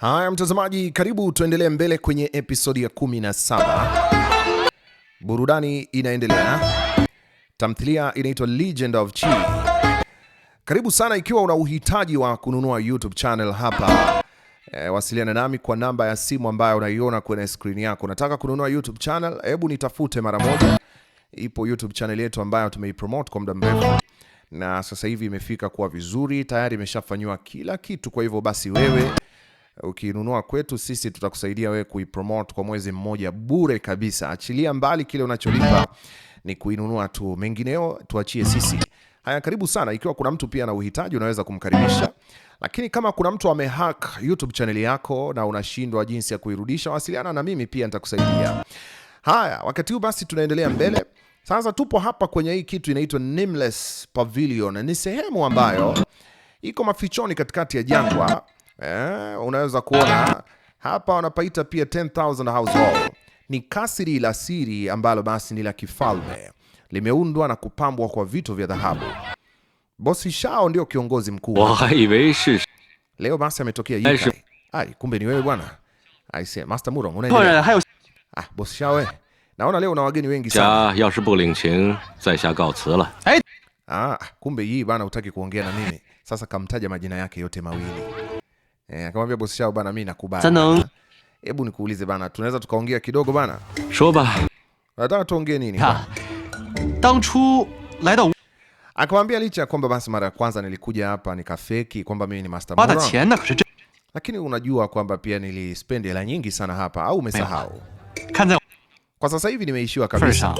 Haya mtazamaji, karibu tuendelee mbele kwenye episodi ya 17. Burudani inaendelea. Tamthilia inaitwa Legend of Chi. Karibu sana ikiwa una uhitaji wa kununua YouTube channel hapa. E, wasiliana nami kwa namba ya simu ambayo unaiona kwenye screen yako. Nataka kununua YouTube channel, hebu nitafute mara moja. Ipo YouTube channel yetu ambayo tumeipromote kwa muda mrefu na sasa hivi imefika kuwa vizuri, tayari imeshafanywa kila kitu. Kwa hivyo basi wewe ukinunua kwetu sisi tutakusaidia wewe kuipromote kwa mwezi mmoja bure kabisa. Achilia mbali kile unacholipa ni kuinunua tu, mengineo tuachie sisi. Haya, karibu sana. Ikiwa kuna mtu pia na uhitaji, unaweza kumkaribisha lakini kama kuna mtu amehack YouTube channel yako na unashindwa jinsi ya kuirudisha, wasiliana na mimi pia nitakusaidia. Haya, wakati huu basi tunaendelea mbele. Sasa tupo hapa kwenye hii kitu inaitwa Nameless Pavilion. Ni sehemu ambayo iko mafichoni katikati ya jangwa eh, unaweza kuona hapa wanapaita pia 10000 household. Ni kasri la siri ambalo basi ni la kifalme, limeundwa na kupambwa kwa vito vya dhahabu. Bosi Shao ndio kiongozi mkuu. Leo basi ametokea Yikai. Ai, kumbe ni wewe bwana. Ai say Master Murong unaendelea. Ah, Bosi Shao eh. Naona leo una wageni wengi sana. Ya, yashi bu lingqin, zai xia gao ci le. Ah, kumbe yeye bwana hutaki kuongea na mimi. Sasa kamtaja majina yake yote mawili. Eh, akamwambia bosi yao bana, mimi nakubali. Hebu nikuulize bana, tunaweza tukaongea kidogo bana? Shoba. Nataka tuongee nini bana? Tangchu laida akamwambia licha kwamba basi mara ya kwanza nilikuja hapa nikafeki kwamba mimi ni Master Mura. Lakini unajua kwamba pia nilispendi hela nyingi sana hapa au umesahau? Kwa sasa hivi nimeishiwa kabisa.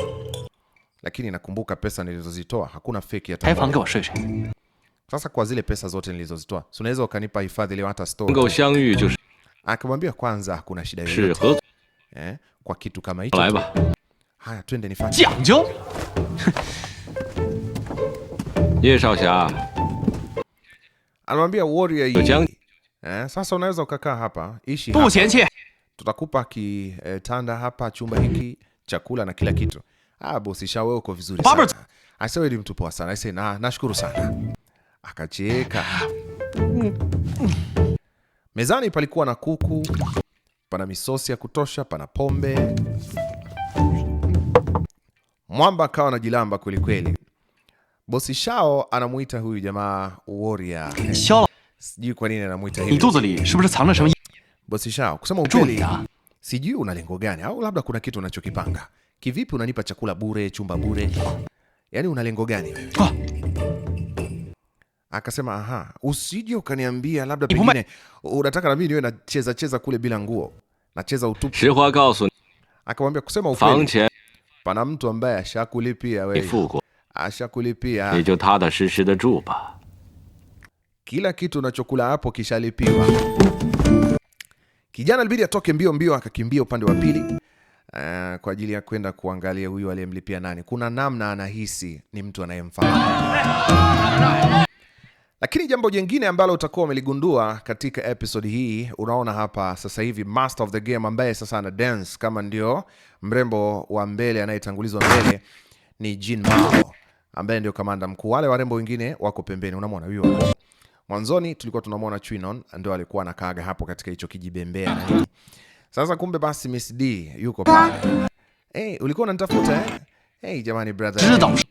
Lakini nakumbuka pesa nilizozitoa, hakuna feki hata moja. Sasa kwa zile pesa zote nilizozitoa, si unaweza ukanipa hifadhi ile hata store. Akamwambia kwanza hakuna shida yoyote. Eh, kwa kitu kama hicho. Haya twende nifanye. Ye Shaoxia. Anamwambia warrior hii. Eh, sasa unaweza ukakaa hapa, ishi hapa. Tutakupa kitanda eh, hapa, chumba hiki, chakula na kila kitu. Ah, bosi Shao, wewe uko vizuri sana. I say ni mtu poa sana. I say na nashukuru sana akacheka. Mezani palikuwa na kuku, pana misosi ya kutosha, pana pombe. Mwamba akawa anajilamba kwelikweli. Bosi Shao anamuita huyu jamaa Warrior. Sijui kwa nini anamuita hivi. Bosi Shao, kusema ukweli, sijui una lengo gani au labda kuna kitu unachokipanga. Kivipi unanipa chakula bure, chumba bure? Yaani una lengo gani? Ah akasema aha, usije ukaniambia labda pengine unataka na mimi niwe nacheza cheza kule bila nguo, nacheza utupu. Akamwambia, kusema ukweli, pana mtu ambaye ashakulipia wewe, ashakulipia de zhu ba, kila kitu unachokula hapo kishalipiwa. Kijana alibidi atoke mbio mbio, akakimbia upande wa pili uh, kwa ajili ya kwenda kuangalia huyu aliyemlipia nani. Kuna namna anahisi ni mtu anayemfahamu lakini jambo jingine ambalo utakuwa umeligundua katika episode hii, unaona hapa sasa hivi master of the game ambaye sasa ana dance kama ndio mrembo wa mbele anayetangulizwa mbele ni Jin Mao ambaye ndio kamanda mkuu. Wale warembo wengine wako pembeni, unamwona huyo. Mwanzoni tulikuwa tunamwona Chinon ndio alikuwa anakaaga hapo katika hicho kijibembea Sasa kumbe basi Miss D yuko pale. Eh, hey, ulikuwa unanitafuta eh? Hey, jamani brother. Hey.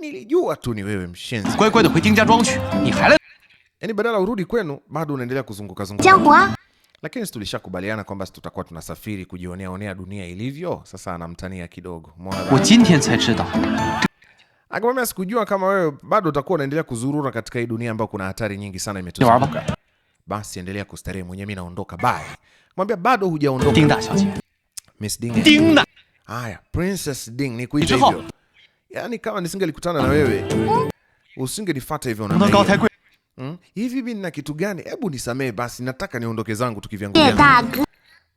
Nilijua tu ni wewe mshenzi. Kwa hiyo kwenda Jingjia Zhuang qu, ni hai lai. Yaani badala urudi kwenu bado unaendelea kuzunguka zunguka. Lakini tulishakubaliana kwamba tutakuwa tunasafiri kujionea onea dunia ilivyo. Sasa anamtania kidogo. Mwana. Umeona? Akamwambia sikujua kama wewe bado utakuwa unaendelea kuzurura katika hii dunia ambayo kuna hatari nyingi sana imetuzunguka. Basi endelea kustarehe mwenyewe, mimi naondoka bye. Mwambia bado hujaondoka. Ding da, Miss Ding. Ding da. Haya, Princess Ding ni nikuite hivyo. Yaani kama nisingelikutana na wewe, usingenifuata hivyo na mimi. Hmm? Hivi mimi nina kitu gani? Hebu nisamee basi, nataka niondoke zangu tukivyangu. kivyangu.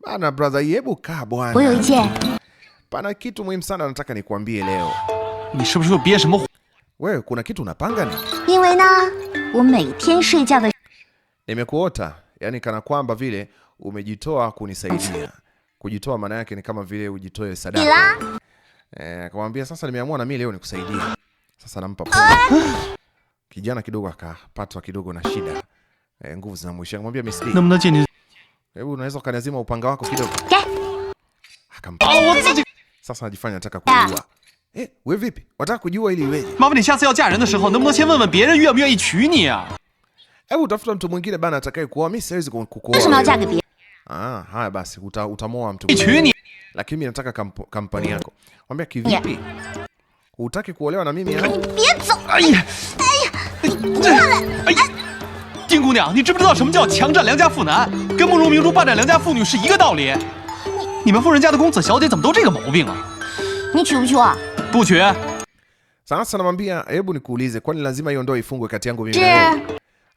Bana brother, hebu kaa bwana. Pana kitu muhimu sana nataka nikuambie leo. Wewe kuna kitu unapanga ni? Nimekuota, yani kana kwamba vile umejitoa kunisaidia. Kujitoa maana yake ni kama vile ujitoe sadaka. Eh, akamwambia sasa nimeamua na mimi leo nikusaidie. Sasa nampa Kijana kidogo akapatwa kidogo na shida. Eh, nguvu zinamwisha. Akamwambia gani? Hebu unaweza ukaniazima upanga wako kidogo. Akampa. Oh, sasa anajifanya anataka kujua. Eh, wewe vipi? Unataka kujua ili iweje? Mama ni hasa yao de shihou, nabu nabu wenwen bieren yuan bu yuan yi ni a. Hebu utafuta mtu mwingine bana atakaye kuoa, mimi siwezi kukuoa. Ah, haya basi uta, utamoa mtu. Lakini mimi nataka kamp kampani yako. Mwambia kivipi? Hutaki kuolewa na mimi Sasa namwambia hebu nikuulize, kwani lazima hiyo ndoa ifungwe kati yangu mimi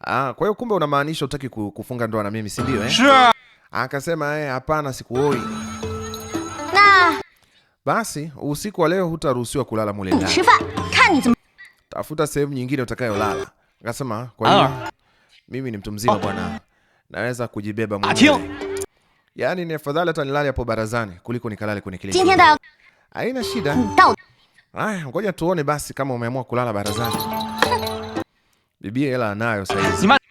Ah, kwa hiyo kumbe unamaanisha kufunga ndoa na mimi si ndio eh? Akasema yeye eh, hapana, sikuoi. Na basi usiku wa leo hutaruhusiwa kulala mule ndani, tafuta sehemu nyingine utakayolala. Akasema kwa hiyo ah. mimi ni mtu mzima bwana, naweza kujibeba mwenyewe, yaani ni afadhali hata nilale hapo barazani kuliko nikalale kwenye kile. Haina shida. Haya, ngoja tuone basi kama umeamua kulala barazani. Bibi hela anayo sasa hivi.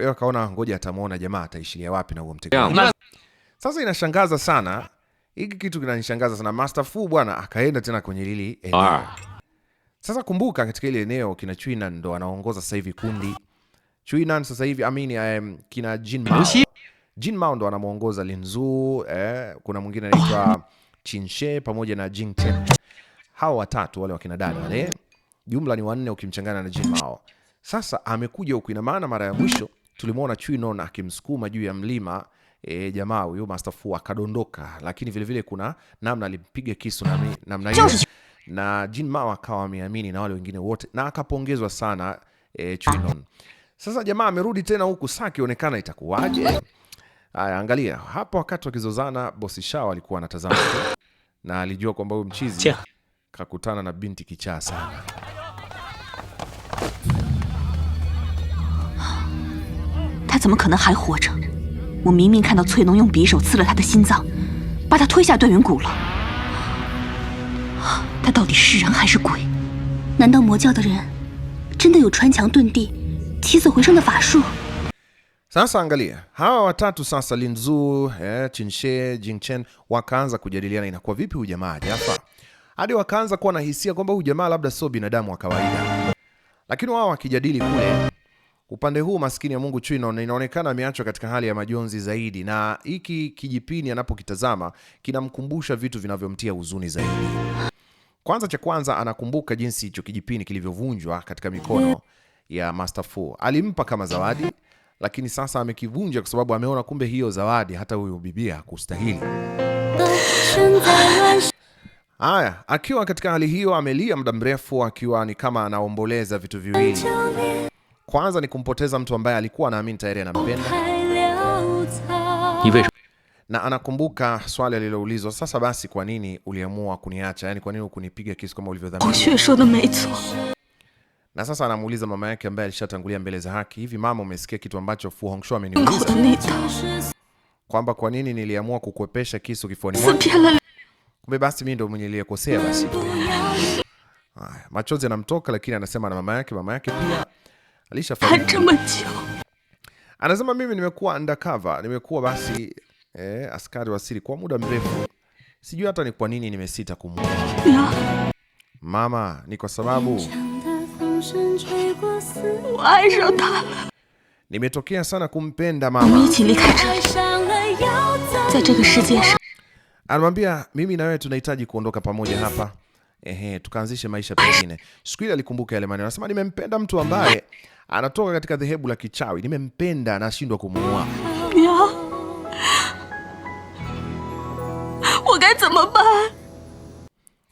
Kwa hiyo akaona ngoja atamwona jamaa ataishilia wapi na huo mtego. Sasa inashangaza sana, hiki kitu kinanishangaza sana. Master Fu bwana akaenda tena kwenye lili eneo. Ah. Sasa kumbuka katika ile eneo kina Chuinan ndo anaongoza sasa hivi kundi. Chuinan sasa hivi I mean um, kina Jin Mao. Jin Mao ndo anamuongoza Linzu, eh, kuna mwingine anaitwa Qin oh. She pamoja na Jing Chen. Hao watatu wale wakina dada wale. Jumla ni wanne ukimchanganya na Jin Mao. Sasa amekuja huku, ina maana mara ya mwisho tulimwona Chwinon akimsukuma juu ya mlima e, jamaa huyu Master Fu akadondoka, lakini vile vile kuna namna alimpiga kisu na namna hiyo, na Jin Mao akawa ameamini na wale wengine wote, na akapongezwa sana e, Chwinon. Sasa jamaa amerudi tena huku, Saki, akionekana itakuwaje? Aya, angalia hapo, wakati wakizozana bosi Shao alikuwa anatazama na alijua kwamba huyu mchizi kakutana na binti kichaa sana. 怎么可能还活着我明明看到翠农用匕首刺了他的心脏把他推下断云谷了他到底是人还是鬼难道魔教的人真的有穿墙遁地起死回生的法术 sasa angalia hawa watatu sasa, Linzu eh, Chinshe Jingchen wakaanza kujadiliana, inakuwa vipi ujamaa jafa, hadi wakaanza kuwa na hisia kwamba hujamaa labda sio binadamu wa kawaida, lakini wao wakijadili kule Upande huu maskini ya Mungu Chui inaonekana ameachwa katika hali ya majonzi zaidi, na hiki kijipini anapokitazama kinamkumbusha vitu vinavyomtia huzuni zaidi. Kwanza cha kwanza, anakumbuka jinsi hicho kijipini kilivyovunjwa katika mikono ya Master Fu. Alimpa kama zawadi, lakini sasa amekivunja kwa sababu ameona kumbe hiyo zawadi hata huyo bibia hakustahili. Haya, akiwa katika hali hiyo amelia muda mrefu, akiwa ni kama anaomboleza vitu viwili kwanza ni kumpoteza mtu ambaye alikuwa anaamini tayari anampenda na anakumbuka swali aliloulizwa, sasa basi, kwa nini uliamua kuniacha? Yani, kwa nini ukunipiga kisu kama ulivyodhamini? Na sasa anamuuliza mama yake ambaye alishatangulia mbele za haki, hivi mama, umesikia kitu ambacho Fu Hongxue ameniuliza kwamba kwa nini niliamua kukwepesha kisu kifuani mwake? Kumbe basi mimi ndo mwenye niliyekosea. Basi machozi yanamtoka, lakini anasema na mama yake, mama yake pia alishafanya hata majio. Anasema mimi nimekuwa undercover, nimekuwa basi eh, askari wa siri kwa muda mrefu. Sijui hata ni kwa nini nimesita kumua mama, ni kwa sababu nimetokea sana kumpenda mama. Anamwambia mimi na wewe tunahitaji kuondoka pamoja hapa, ehe, tukaanzishe maisha pengine. Siku ile alikumbuka yale maneno, anasema nimempenda mtu ambaye anatoka katika dhehebu la kichawi. Nimempenda na shindwa kumuua.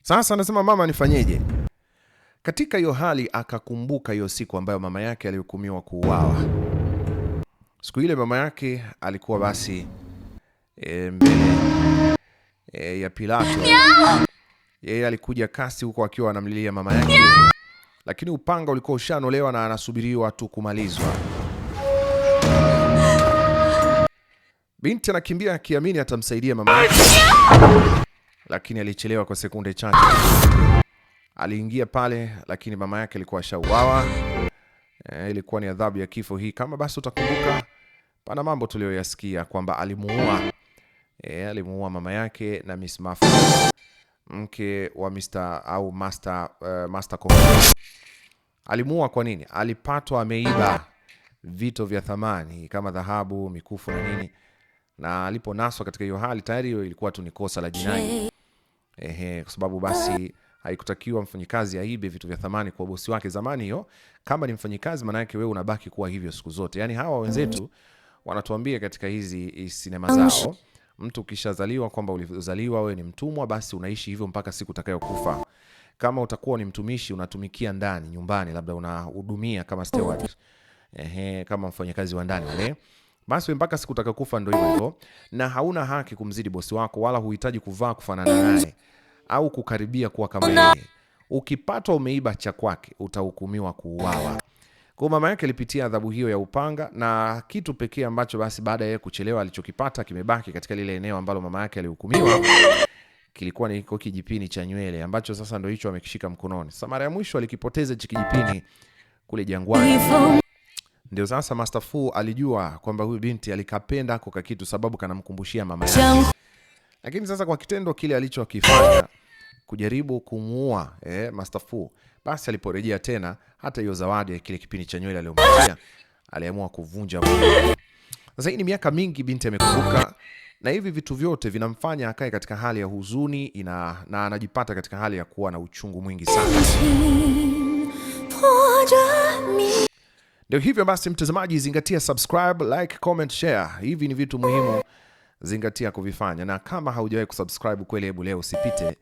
Sasa anasema mama, nifanyeje? Katika hiyo hali akakumbuka hiyo siku ambayo mama yake alihukumiwa kuuawa. Siku ile mama yake alikuwa basi e, mbele e, ya Pilato. Yeye alikuja kasi huko akiwa anamlilia mama yake Nya! lakini upanga ulikuwa ushanolewa na anasubiriwa tu kumalizwa. Binti anakimbia akiamini atamsaidia mama yake, lakini alichelewa kwa sekunde chache. Aliingia pale, lakini mama yake alikuwa ashauawa. E, ilikuwa ni adhabu ya kifo hii. Kama basi utakumbuka, pana mambo tuliyoyasikia kwamba alimuua, e, alimuua mama yake na Miss Muffet mke wa Mr. au Master, uh, Master Kongo. Alimuua kwa nini? Alipatwa ameiba vito vya thamani kama dhahabu, mikufu na nini, na aliponaswa katika hiyo hali tayari ilikuwa tu ni kosa la jinai, ehe, kwa sababu basi haikutakiwa mfanyikazi aibe vitu vya thamani kwa bosi wake zamani. Hiyo kama ni mfanyikazi, maana yake wewe unabaki kuwa hivyo siku zote. Yani hawa wenzetu wanatuambia katika hizi sinema zao Mtu ukishazaliwa kwamba ulizaliwa wewe ni mtumwa, basi unaishi hivyo mpaka siku utakayokufa. Kama utakuwa ni mtumishi, unatumikia ndani nyumbani, labda unahudumia kama steward, ehe, kama mfanyakazi wa ndani wale basi mpaka siku utakayokufa ndo hivyo hivyo, na hauna haki kumzidi bosi wako, wala huhitaji kuvaa kufanana naye au kukaribia kuwa kama yeye. Ukipatwa umeiba cha kwake, utahukumiwa kuuawa. Kwa mama yake alipitia adhabu hiyo ya upanga, na kitu pekee ambacho basi baada ya kuchelewa alichokipata kimebaki katika lile eneo ambalo mama yake alihukumiwa kilikuwa ni kijipini cha nywele ambacho sasa ndo hicho amekishika mkononi. Sasa mara ya mwisho alikipoteza hichi kijipini kule jangwani, ndio sasa Master Fu alijua kwamba huyu binti alikapenda kwa kitu, sababu kanamkumbushia mama yake. Lakini sasa kwa kitendo kile alichokifanya kujaribu kumuua eh, Master Fu. Basi aliporejea tena, hata hiyo zawadi ya kile kipindi cha nywele aliyompatia aliamua kuvunja. Sasa hii ni miaka mingi, binti amekumbuka, na hivi vitu vyote vinamfanya akae katika hali ya huzuni ina, na anajipata katika hali ya kuwa na uchungu mwingi sana. Ndio hivyo basi, mtazamaji, zingatia subscribe, like, comment, share. Hivi ni vitu muhimu, zingatia kuvifanya, na kama haujawahi kusubscribe kweli, hebu leo usipite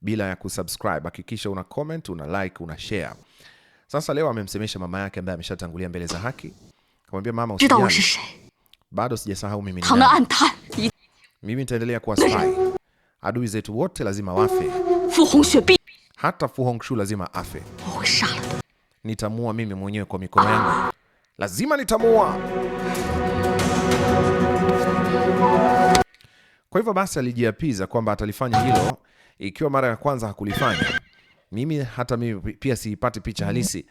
bila ya kusubscribe. Hakikisha una comment, una like, una share. Sasa leo amemsemesha mama yake ambaye ameshatangulia mbele za haki, akamwambia mama, usijali, bado sijasahau mimi ni nani. Mimi nitaendelea kuwa spy. Adui zetu wote lazima wafe, hata Fu Hongxue lazima afe. Oh, nitamua mimi mwenyewe kwa mikono yangu, lazima nitamua. Kwa hivyo basi alijiapiza kwamba atalifanya hilo ikiwa mara ya kwanza hakulifanya. Mimi hata mimi pia siipati picha halisi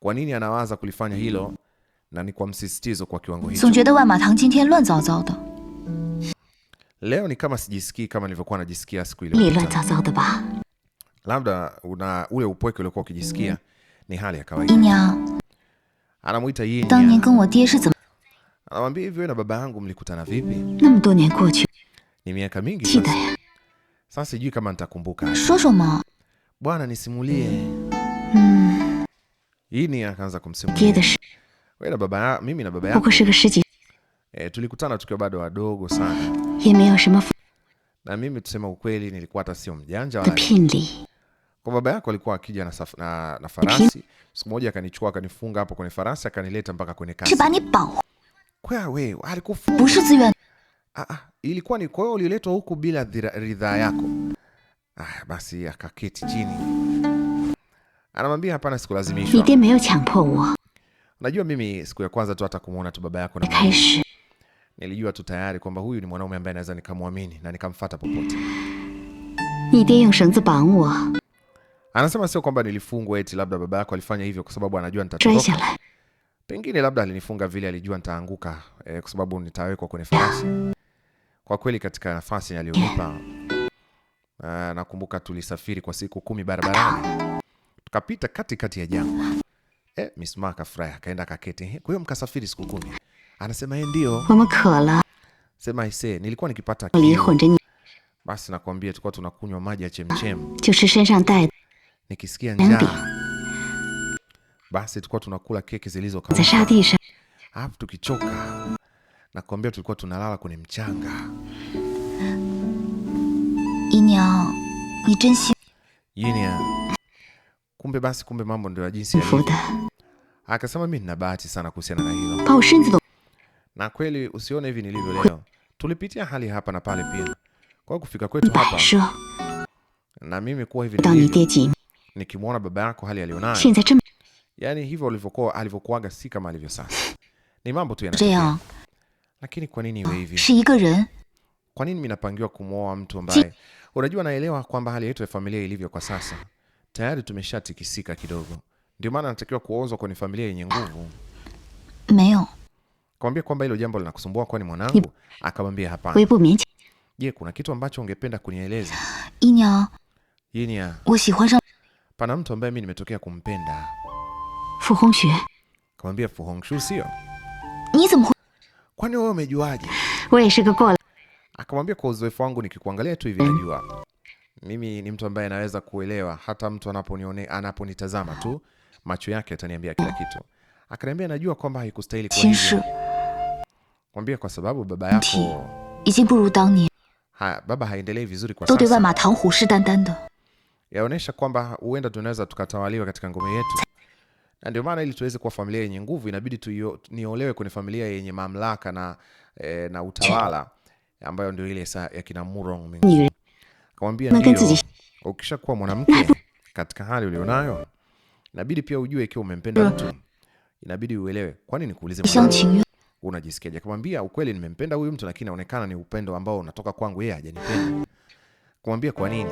kwa nini anawaza kulifanya hilo na ni kwa msisitizo kwa kiwango hicho. Leo ni kama sijisikii kama nilivyokuwa najisikia siku ile. Labda una ule upweke uliokuwa ukijisikia ni hali ya kawaida. Anamuita yeye. Anamwambia hivyo na baba yangu mlikutana vipi? ni miaka mingi sasa. Sasa sijui kama nitakumbuka. Bwana nisimulie. Hmm. Ini akaanza kumsimulia. Wewe na baba, mimi na baba yako. Eh, tulikutana tukiwa bado wadogo sana. Na mimi tuseme ukweli nilikuwa hata sio mjanja wala. Kwa baba yako alikuwa akija na, na, na farasi. Siku moja akanichukua akanifunga hapo kwenye farasi akanileta mpaka kwenye kasi. Kwa wewe alikufunga. Ah, ah, ilikuwa ni kwa hiyo uliletwa huku bila ridhaa yako? Ah, basi akaketi chini, anamwambia hapana, sikulazimishwa. Najua mimi siku ya kwanza tu hata kumwona tu baba yako na nilijua tu tayari kwamba huyu ni mwanaume ambaye naweza nikamwamini na nikamfuata popote. Anasema sio kwamba nilifungwa eti labda baba yako alifanya hivyo kwa sababu anajua nitatoroka. Pengine labda alinifunga vile alijua nitaanguka, eh, kwa sababu nitawekwa kwenye farasi kwa kweli katika nafasi aliyonipa. Eh, nakumbuka tulisafiri kwa siku kumi barabarani, tukapita katikati ya jangwa. Eh, Miss Mark afurahi akaenda kaketi. Eh, kwa hiyo mkasafiri siku kumi. Anasema yeye eh, ndio. Sema ise, nilikuwa nikipata kiu. Basi nakwambia tulikuwa tunakunywa maji ya chemchem. Nikisikia njaa. Basi tulikuwa tunakula keki zilizokauka. Hapo tukichoka Nakwambia tulikuwa tunalala kwenye mchanga. Kumbe basi kumbe mambo ndio ya jinsi yalivyo. Akasema mimi nina bahati sana kuhusiana na hilo. Na kweli usione hivi nilivyo leo. Tulipitia hali hapa na pale pia. Kwa kufika kwetu hapa. Na mimi kuwa hivi Nikimwona baba yako hali aliyonayo, Yaani hivyo alivyokuwa alivyokuaga si kama alivyo sasa. Ni mambo tu yanatokea. Lakini kwa nini iwe ah, hivi? Kwa nini mimi napangiwa kumwoa mtu ambaye unajua, naelewa kwamba hali yetu ya familia ilivyo kwa sasa tayari tumeshatikisika kidogo, ndio maana natakiwa kuozwa kwenye familia yenye nguvu. Meo. Kamwambia kwamba hilo jambo linakusumbua, kwani mwanangu? Akamwambia hapana. Je, kuna kitu ambacho ungependa kunieleza? Pana mtu ambaye mimi nimetokea kumpenda. Fu Hongxue. Kamwambia Fu Hongxue, sio Ni zimu kwani wewe umejuaje? Akamwambia, kwa uzoefu wangu nikikuangalia tu hivi najua. Mimi ni mtu ambaye anaweza kuelewa, hata mtu anaponione anaponitazama tu macho yake ataniambia kila kitu. Akaniambia, najua kwamba haikustahili kwa hivyo. Kwambia kwa sababu baba yako ha, baba haendelei vizuri kwa sasa. Yaonesha kwamba huenda tunaweza tukatawaliwa katika ngome yetu na ndio maana ili tuweze kuwa familia yenye nguvu inabidi tu niolewe kwenye familia yenye mamlaka na, e, na utawala ambayo ndio ile sa ya kina Murong. Akamwambia ndio, ukishakuwa mwanamke katika hali ulionayo inabidi pia ujue ikiwa umempenda mtu inabidi uelewe. Kwani nikuulize unajisikiaje? Akamwambia ukweli, nimempenda huyu mtu lakini inaonekana ni upendo ambao unatoka kwangu, yeye hajanipenda. Akamwambia kwa nini?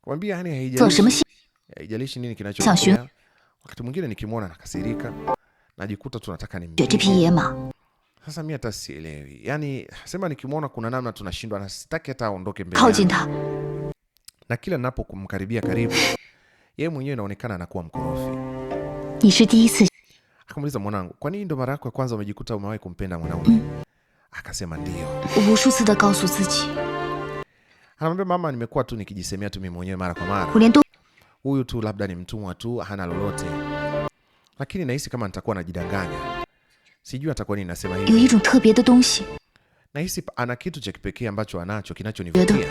Akamwambia yani haijalishi, haijalishi nini kinachotokea Wakati mwingine nikimwona nakasirika, najikuta tunataka ni sasa mi hata sielewi. yani sema nikimwona kuna namna tunashindwa na sitaki hata aondoke mbele. Na kila napo kumkaribia karibu, yeye mwenyewe inaonekana anakuwa mkorofi. Akamuuliza mwanangu, kwa nini ndo mara yako ya kwanza umejikuta umewahi kumpenda mwanaume? Mm. Akasema ndio. Anamwambia mama, nimekuwa tu nikijisemea tu mimi mwenyewe mara kwa mara huyu tu labda ni mtumwa tu, hana lolote. Lakini nahisi kama nitakuwa najidanganya, sijui atakuwa nini nasema hivi. Nahisi ana kitu cha kipekee ambacho anacho kinachonivutia.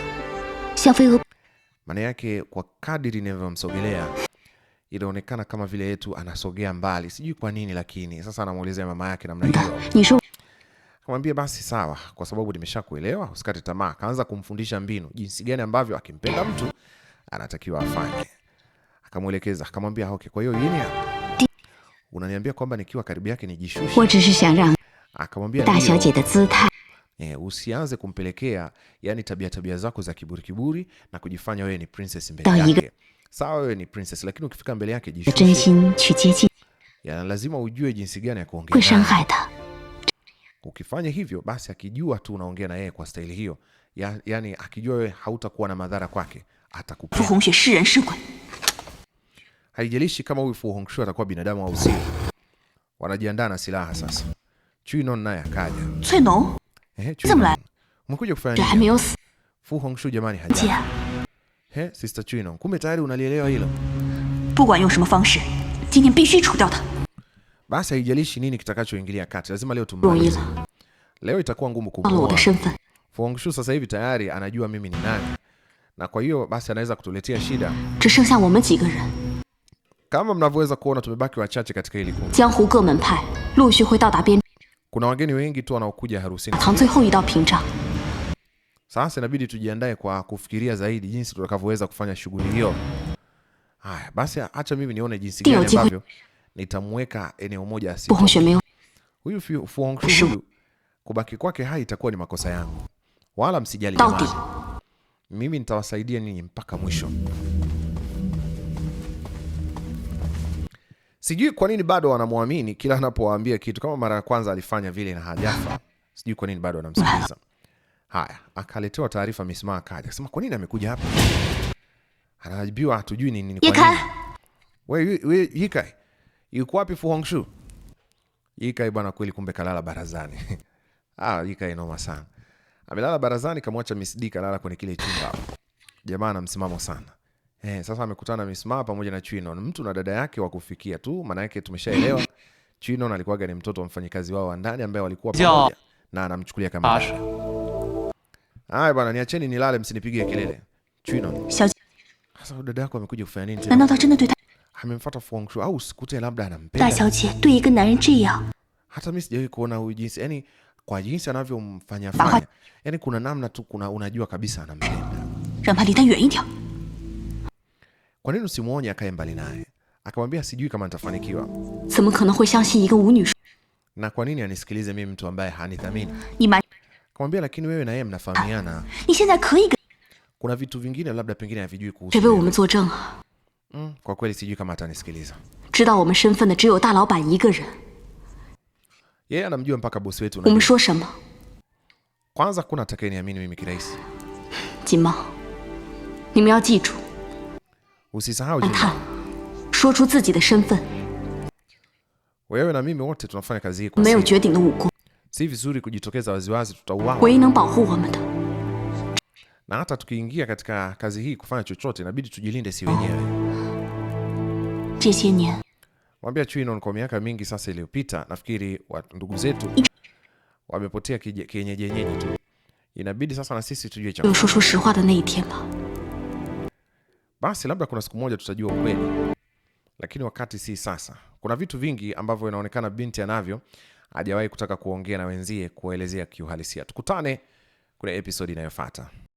Maana yake kwa kadiri ninavyomsogelea inaonekana kama vile yetu anasogea mbali, sijui kwa nini, lakini sasa anamuelezea mama yake namna hiyo. Kamwambia basi sawa, kwa sababu nimeshakuelewa, usikate tamaa. Kaanza kumfundisha mbinu, jinsi gani ambavyo akimpenda mtu anatakiwa afanye akamwelekeza akamwambia, okay, kwa hiyo yini unaniambia kwamba nikiwa karibu yake nijishushe? Akamwambia eh, usianze kumpelekea yani tabia tabia zako za kiburi kiburi na kujifanya wewe ni princess mbele yake. Sawa, wewe ni princess, lakini ukifika mbele yake jishushe. Ya, lazima ujue jinsi gani ya kuongea naye. Ukifanya hivyo basi akijua tu unaongea na yeye kwa staili hiyo ya, yani akijua wewe hautakuwa na madhara kwake atakupa Haijalishi kama huyu Fu Hongxue atakuwa binadamu au sio. Wanajiandaa na silaha sasa. Chui Non naye akaja. Chui Non? Eh, Chui Non. Umekuja kufanya nini? Fu Hongxue jamani haja. Eh, Sister Chui Non, kumbe tayari unalielewa hilo. Basi haijalishi nini kitakachoingilia kati, lazima leo tumalize. Leo itakuwa ngumu kumwoa. Fu Hongxue sasa hivi tayari anajua mimi ni nani. Na kwa hiyo basi anaweza kutuletea shida. Kama mnavyoweza kuona tumebaki wachache katika hili kundi. Jianghu ge men pai lushu hui dao da bian. Kuna wageni wengi tu wanaokuja harusini. Tang zuihou yi dao pinzhang. Sasa inabidi tujiandae kwa kufikiria zaidi jinsi tutakavyoweza kufanya shughuli hiyo. Haya, basi acha mimi nione jinsi gani ambavyo nitamweka eneo moja asipo. Huyu Fu Hongxue kubaki kwake hai itakuwa ni makosa yangu. Wala msijali Mimi nitawasaidia ninyi mpaka mwisho. Sijui kwa nini bado wanamwamini kila anapowaambia kitu. Kama mara ya kwanza alifanya vile na hajafa, sijui kwa nini bado wanamsikiliza. Haya, akaletewa taarifa Misma, akaja akasema kwa nini amekuja hapa? Anajibiwa hatujui ni nini. Kwa nini wewe wewe, Yikai yuko wapi Fu Hongxue? Yikai bwana, kweli kumbe kalala barazani. Ah, Yikai noma sana, amelala barazani, kamwacha Miss D kalala kwenye kile chumba. Jamaa ana msimamo sana. Eh, sasa amekutana Misma pamoja na Chino. mtu na dada yake wa kufikia tu. Maana yake tumeshaelewa Chino alikuwa ni mtoto wa mfanyikazi wao wa ndani ambaye walikuwa pamoja na anamchukulia kama. Haya bwana, niacheni nilale, msinipigie kelele. Chino. sasa dada yako amekuja kufanya nini tena? Amemfuata Feng Shui au sikute labda anampenda? Hata mimi sijawahi kuona huyu jinsi, Yaani kwa jinsi anavyomfanya fanya, Yaani kuna namna tu, kuna unajua kabisa anampenda kwa nini usimwonye akae mbali naye? Akamwambia sijui kama nitafanikiwa. Na kwa nini anisikilize mimi mtu ambaye hanithamini? Akamwambia lakini wewe na yeye mnafahamiana. Ah, kuna vitu vingine labda pengine havijui kuhusu. Mm, kwa kweli sijui kama atanisikiliza. Yeye anamjua mpaka bosi wetu. Kwanza kuna atakayeniamini mimi kirahisi. Usisahau chu zizi de shenfen. Wewe na mimi wote tunafanya kazi hii kwa siri. de Si vizuri kujitokeza waziwazi, tutauawa. Wei de. Na hata tukiingia katika kazi hii kufanya chochote inabidi tujilinde si wenyewe. nian. Mwambia kwa miaka mingi sasa iliyopita, nafikiri ndugu zetu wamepotea kienyeji yenyeji tu. Inabidi sasa na sisi tujue cha basi labda kuna siku moja tutajua ukweli, lakini wakati si sasa. Kuna vitu vingi ambavyo inaonekana binti anavyo, hajawahi kutaka kuongea na wenzie kuwaelezea kiuhalisia. Tukutane kwenye episodi inayofuata.